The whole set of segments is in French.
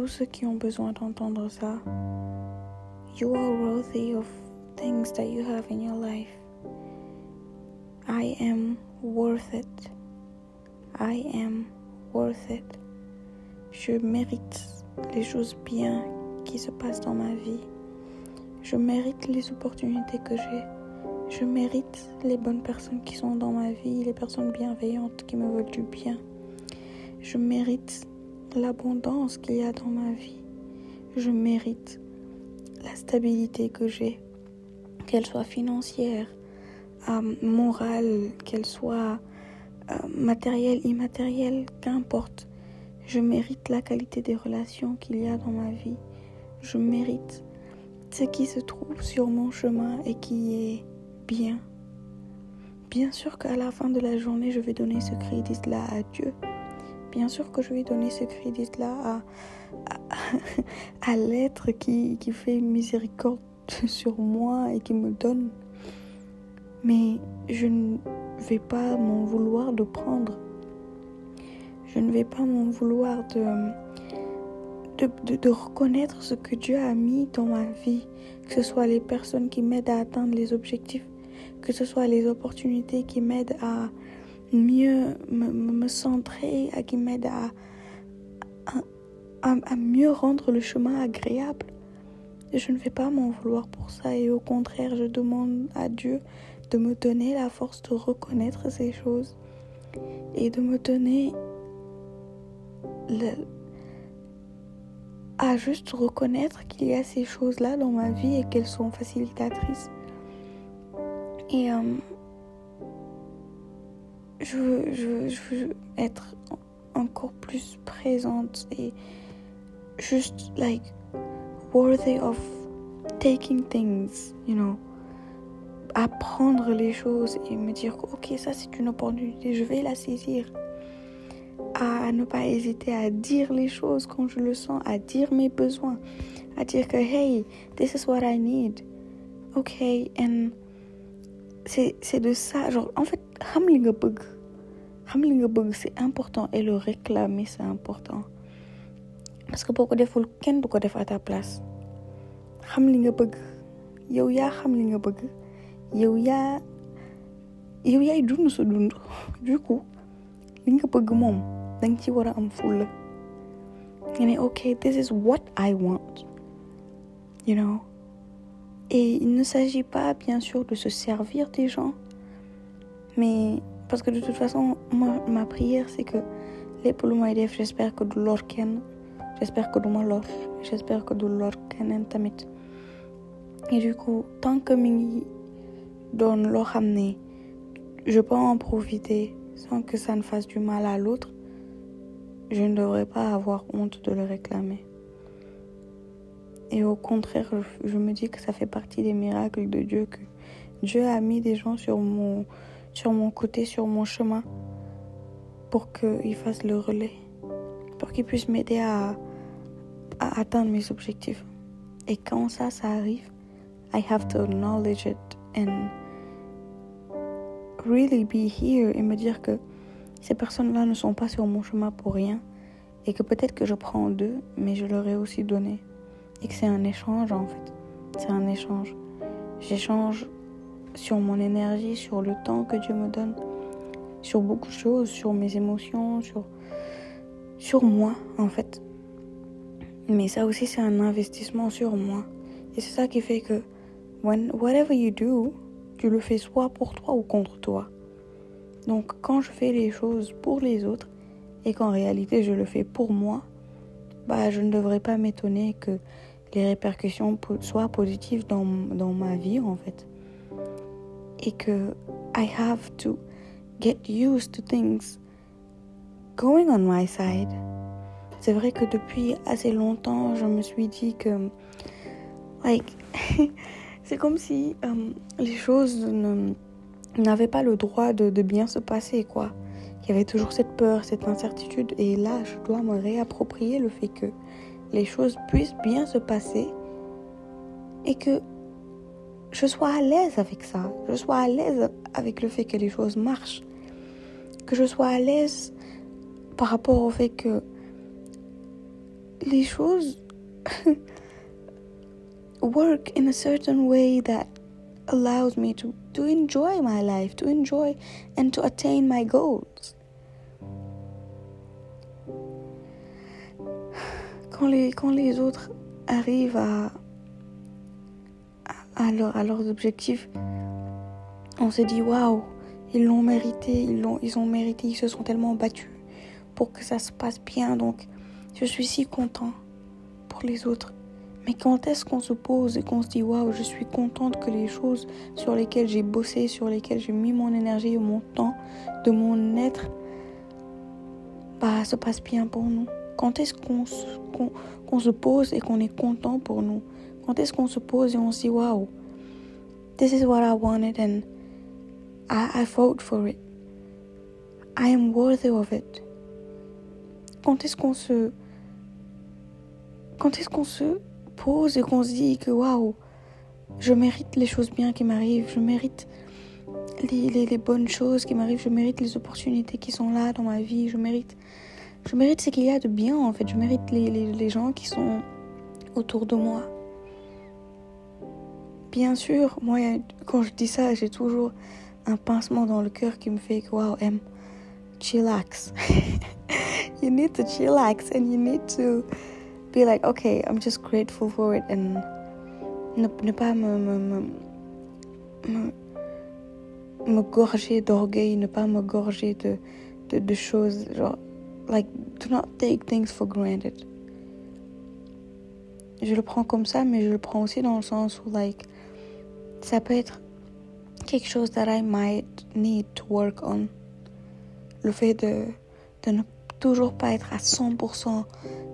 tous ceux qui ont besoin d'entendre ça. You are worthy of things that you have in your life. I am worth it. Je mérite les choses bien qui se passent dans ma vie. Je mérite les opportunités que j'ai. Je mérite les bonnes personnes qui sont dans ma vie, les personnes bienveillantes qui me veulent du bien. Je mérite l'abondance qu'il y a dans ma vie. Je mérite la stabilité que j'ai, qu'elle soit financière, euh, morale, qu'elle soit euh, matérielle, immatérielle, qu'importe. Je mérite la qualité des relations qu'il y a dans ma vie. Je mérite ce qui se trouve sur mon chemin et qui est bien. sûr qu'à la fin de la journée, je vais donner ce crédit à Dieu. Bien sûr que je vais donner ce crédit-là à, à, à l'être qui, qui fait miséricorde sur moi et qui me donne. Mais je ne vais pas m'en vouloir de prendre. Je ne vais pas m'en vouloir de, de, de, de, reconnaître ce que Dieu a mis dans ma vie, que ce soit les personnes qui m'aident à atteindre les objectifs, que ce soit les opportunités qui m'aident à, mieux me, me centrer, à qui m'aide à, à, à, mieux rendre le chemin agréable. Et je ne vais pas m'en vouloir pour ça et au contraire, je demande à Dieu de me donner la force de reconnaître ces choses et de me donner le, à juste reconnaître qu'il y a ces choses-là dans ma vie et qu'elles sont facilitatrices. Et euh, je veux, je, veux, je veux, être encore plus présente et juste like worthy of taking things, you know. Apprendre les choses et me dire ok ça c'est une opportunité, je vais la saisir. À ne pas hésiter à dire les choses quand je le sens, à dire mes besoins, à dire que hey, this is what I need. Ok, and c'est de ça, genre en fait xam li nga bëgg xam li nga bëgg c'est important et le réclamer c'est important parce que boo ko deful kenn du ko def à ta place xam li nga bëgg yow yaa xam li nga bëgg yow yaa yow yaay dund su dund du coup li nga bëgg moom danga ci war a am fulla nga ne ok this is what I want you know et il ne s'agit pas bien sûr de se servir des gens Mais parce que de toute façon, moi, ma prière, c'est que les poulons j'espère que de l'orken, j'espère que de moi l'or, j'espère que de l'orken tamit. Et du coup, tant que Mingi donne l'or amené, je peux en profiter sans que ça ne fasse du mal à l'autre, je ne devrais pas avoir honte de le réclamer. Et au contraire, je me dis que ça fait partie des miracles de Dieu, que Dieu a mis des gens sur mon, sur mon côté, sur mon chemin, pour qu'il fasse le relais, pour qu'il puisse m'aider à, à, atteindre mes objectifs. Et quand ça, ça arrive, I have to acknowledge it and really be here et me dire que ces personnes-là ne sont pas sur mon chemin pour rien et que peut-être que je prends d'eux, mais je leur ai aussi donné. Et que c'est un échange en fait. C'est un échange. J'échange sur mon énergie, sur le temps que Dieu me donne, sur beaucoup de choses, sur mes émotions, sur, moi en fait. Mais ça aussi c'est un investissement sur moi. Et c'est ça qui fait que whatever you do, tu le fais soit pour toi ou contre toi. Donc quand je fais les choses pour les autres et qu'en réalité je le fais pour moi, je ne devrais pas m'étonner que les répercussions soient positives dans ma vie en fait. et que I have to get used to things going on my side. C'est vrai que depuis assez longtemps, je me suis dit que, like, c'est comme si um, les choses n'avaient pas le droit de, de, bien se passer, quoi. Il y avait toujours cette peur, cette incertitude, et là, je dois me réapproprier le fait que les choses puissent bien se passer et que je sois à l'aise avec ça, je sois à l'aise avec le fait que les choses marchent, que je sois à l'aise par rapport au fait que les choses work in a certain way that allows me to, to enjoy my life, to enjoy and to attain my goals. Quand les, quand les autres arrivent à à, leur, à leurs objectifs, on s'est dit waouh, ils l'ont mérité, ils ont, mérité, ils se sont tellement battus pour que ça se passe bien. Donc, je suis si content pour les autres. Mais quand est-ce qu'on se pose et qu'on se dit waouh, je suis contente que les choses sur lesquelles j'ai bossé, sur lesquelles j'ai mis mon énergie, mon temps, de mon être, se passe bien pour nous Quand est-ce qu'on se pose et qu'on est content pour nous Quand est-ce qu'on se pose et on se dit, wow, this is what I wanted and I, I fought for it. I am worthy of it. Quand est-ce qu'on se. Quand est-ce qu'on se pose et qu'on se dit que waouh, je mérite les choses bien qui m'arrivent, je mérite les, les, les bonnes choses qui m'arrivent, je mérite les opportunités qui sont là dans ma vie, je mérite, je mérite ce qu'il y a de bien en fait, je mérite les, les, les gens qui sont autour de moi. Bien sûr, moi, quand je dis ça, j'ai toujours un pincement dans le cœur qui me fait que, wow, M, chillax. you need to chillax and you need to be like, okay, I'm just grateful for it and ne, ne pas me, me, me, me gorger d'orgueil, ne pas me gorger de, de, de choses, genre, like, do not take things for granted. Je le prends comme ça, mais je le prends aussi dans le sens où, like, ça peut être quelque chose that I might need to work on. Le fait de, de ne toujours pas être à 100%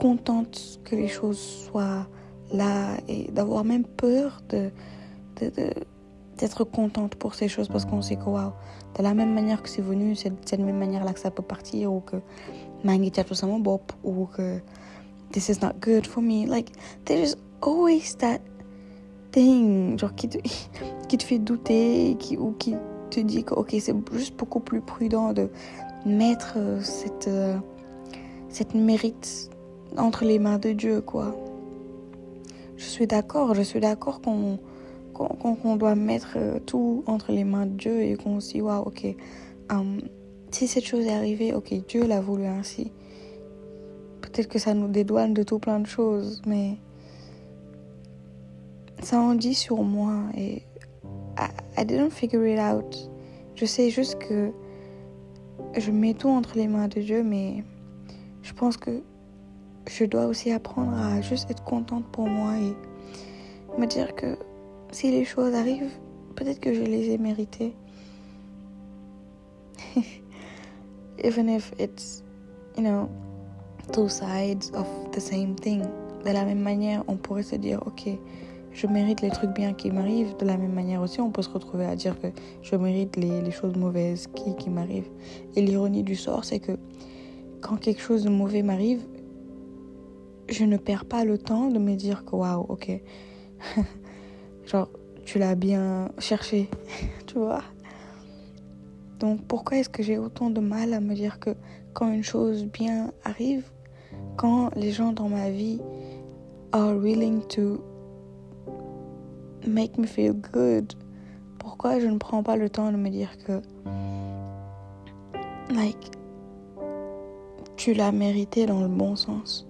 contente que les choses soient là et d'avoir même peur de, de, de d'être contente pour ces choses parce qu'on sait que waouh, de la même manière que c'est venu, c'est de la même manière là que ça peut partir ou que mangitia tout simplement bop ou que this is not good for me. Like, there is always that thing, genre qui te, qui te fait douter qui, ou qui te dit que ok, c'est juste beaucoup plus prudent de mettre euh, cette, euh, cette mérite entre les mains de Dieu, quoi. Je suis d'accord, je suis d'accord qu'on qu'on qu doit mettre euh, tout entre les mains de Dieu et qu'on se dit, waouh, ok, um, si cette chose est arrivée, ok, Dieu l'a voulu ainsi. Peut-être que ça nous dédouane de tout plein de choses, mais ça en dit sur moi et I, I didn't figure it out. Je sais juste que je mets tout entre les mains de Dieu, mais je pense que je dois aussi apprendre à juste être contente pour moi et me dire que si les choses arrivent, peut-être que je les ai méritées. Even if it's, you know, two sides of the same thing. De la même manière, on pourrait se dire, ok, je mérite les trucs bien qui m'arrivent. De la même manière aussi, on peut se retrouver à dire que je mérite les, les choses mauvaises qui, qui m'arrivent. Et l'ironie du sort, c'est que quand quelque chose de mauvais m'arrive, je ne perds pas le temps de me dire que waouh, ok, genre tu l'as bien cherché, tu vois. Donc pourquoi est-ce que j'ai autant de mal à me dire que quand une chose bien arrive, quand les gens dans ma vie are willing to make me feel good. Pourquoi je ne prends pas le temps de me dire que, like, tu l'as mérité dans le bon sens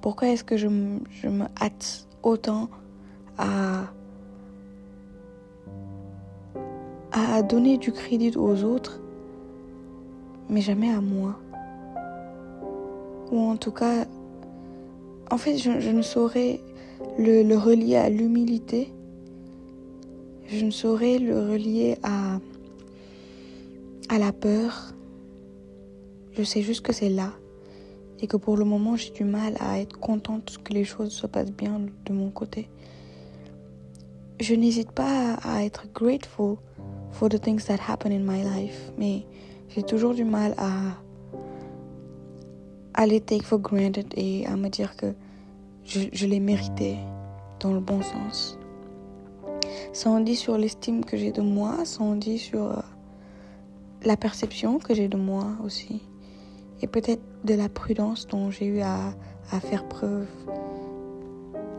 Pourquoi est-ce que je, je me hâte autant à, à donner du crédit aux autres, mais jamais à moi Ou en tout cas, en fait, je, je ne saurais le, le relier à l'humilité je ne saurais le relier à, à la peur. Je sais juste que c'est là et que pour le moment j'ai du mal à être contente que les choses se passent bien de mon côté. Je n'hésite pas à être grateful for the things that happen in my life, mais j'ai toujours du mal à, à les take for granted et à me dire que je, je les méritais dans le bon sens. Ça en dit sur l'estime que j'ai de moi, ça en dit sur euh, la perception que j'ai de moi aussi. Et peut-être de la prudence dont j'ai eu à, à, faire preuve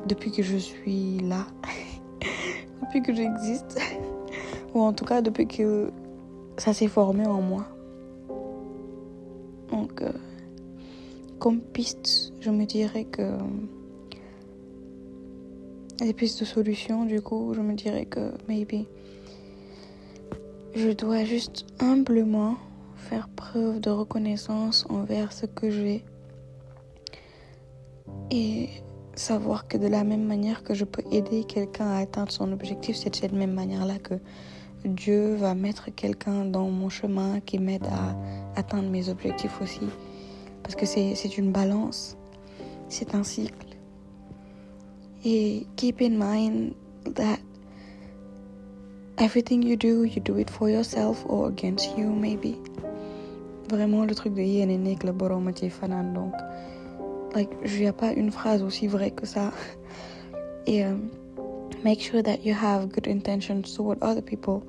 depuis que je suis là, depuis que j'existe, ou en tout cas depuis que ça s'est formé en moi. Donc, euh, comme piste, je me dirais que des pistes de solutions, du coup, je me dirais que maybe je dois juste humblement faire preuve de reconnaissance envers ce que j'ai et savoir que de la même manière que je peux aider quelqu'un à atteindre son objectif, c'est de cette même manière-là que Dieu va mettre quelqu'un dans mon chemin qui m'aide à atteindre mes objectifs aussi. Parce que c'est une balance, c'est un cycle. keep in mind that everything you do, you do it for yourself or against you maybe. Vraiment le truc de yin et nick le borom fanan donc. Like, il n'y a pas une phrase aussi vraie que ça. Et um, make sure that you have good intentions toward other people,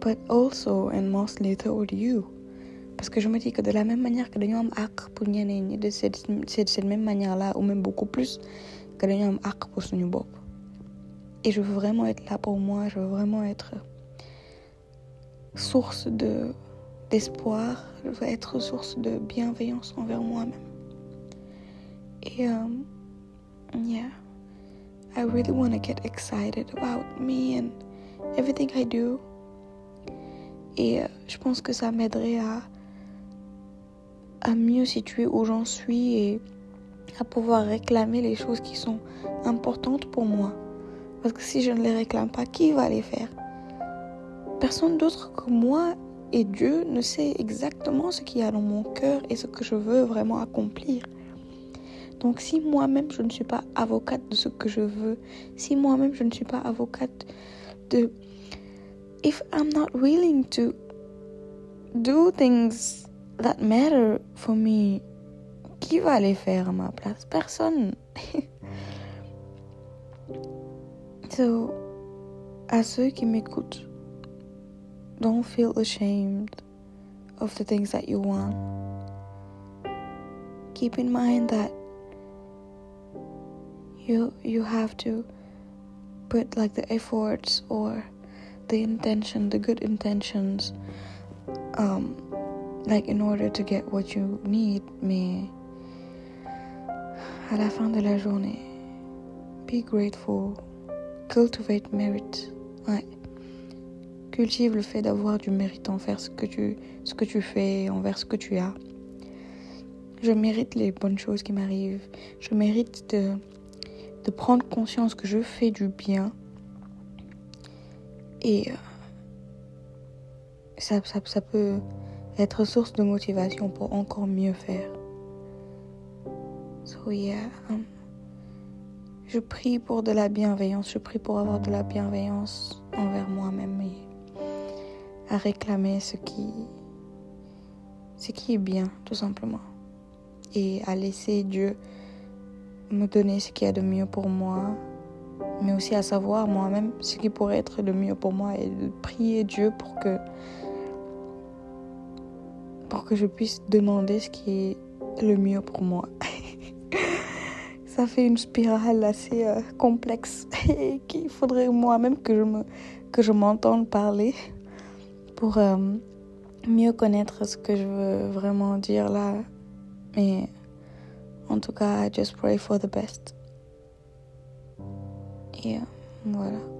but also and mostly toward you. Parce que je me dis que de la même manière que nous avons pour nous, c'est de cette même manière-là, ou même beaucoup plus, que dañu am àq pour suñu bopp et je veux vraiment être là pour moi je veux vraiment être source de d'espoir je veux être source de bienveillance envers moi-même et um, yeah I really want to get excited about me and everything I do et euh, je pense que ça m'aiderait à à mieux situer où j'en suis et à pouvoir réclamer les choses qui sont importantes pour moi. Parce que si je ne les réclame pas, qui va les faire Personne d'autre que moi et Dieu ne sait exactement ce qu'il y a dans mon cœur et ce que je veux vraiment accomplir. Donc si moi-même je ne suis pas avocate de ce que je veux, si moi-même je ne suis pas avocate de... If I'm not willing to do things that matter for me, qui va les faire à ma place Personne. so, à ceux qui m'écoutent, don't feel ashamed of the things that you want. Keep in mind that you you have to put like the efforts or the intention, the good intentions, um, like in order to get what you need may à la fin de la journée. Be grateful. Cultivate merit. Ouais. Cultive le fait d'avoir du mérite envers ce ce que tu fais, envers ce que tu as. Je mérite les bonnes choses qui m'arrivent. Je mérite de, prendre conscience que je fais du bien. Et euh, ça peut être source de motivation pour encore mieux faire. So yeah, um, je prie pour de la bienveillance, je prie pour avoir de la bienveillance envers moi-même et à réclamer ce qui, ce qui est bien, tout simplement. Et à laisser Dieu me donner ce qu'il a de mieux pour moi, mais aussi à savoir moi-même ce qui pourrait être le mieux pour moi et prier Dieu que pour que je puisse demander ce qui est le mieux pour moi. ça fait une spirale assez euh, complexe et qu'il faudrait moi-même que je me que je m'entende parler pour euh, mieux connaître ce que je veux vraiment dire là. Mais en tout cas, I just pray for the best. Et euh, voilà.